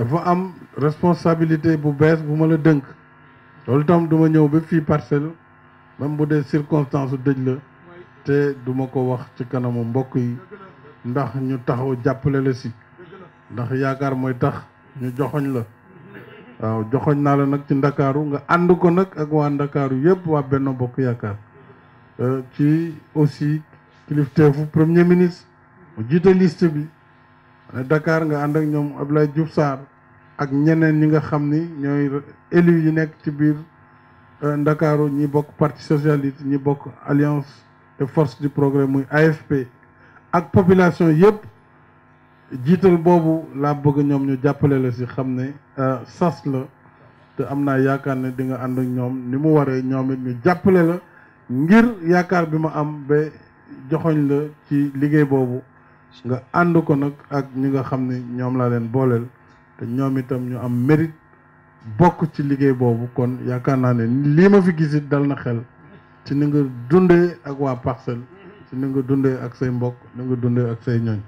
dafa am responsabilité bu bees bu ma la dënk loolu tam du ma ñëw ba fii parcelle même bu dee circonstance dëj la te du ma ko wax ci kanamu mbokk yi ndax ñu taxaw jàppale la si ndax yaakaar mooy tax ñu joxoñ la waaw joxoñ naa la nag ci ndakaaru nga ànd ko nag ak waa ndakaaru yëpp waa Benno Bokk Yaakaar euh, ci aussi kilifteefu premier ministre mu jiite liste bi Dakar nga ànd ak ñoom Abdoulaye Diouf Sarr ak ñeneen ñi nga xam ni ñooy élus yi nekk ci biir euh, Ndakaaru ñi bokk parti socialiste ñi bokk alliance des force du progrès muy AFP ak population yëpp jiital boobu laa bëgg ñoom ñu jàppale la si xam ne euh, sas la te am naa yaakaar ne di nga ànd ak ñoom ni mu waree ñoom it ñu jàppale la ngir yaakaar bi ma am ba joxoñ la ci liggéey boobu nga ànd ko nag ak ñi nga xam ne ñoom laa leen booleel te ñoom itam ñu am mérite bokk ci liggéey boobu kon yaakaar naa ne lii ma fi gisit dal na xel ci ni nga dundee ak waa parcelle ci ni nga dundee ak say mbokk ni nga dundee ak say ñooñ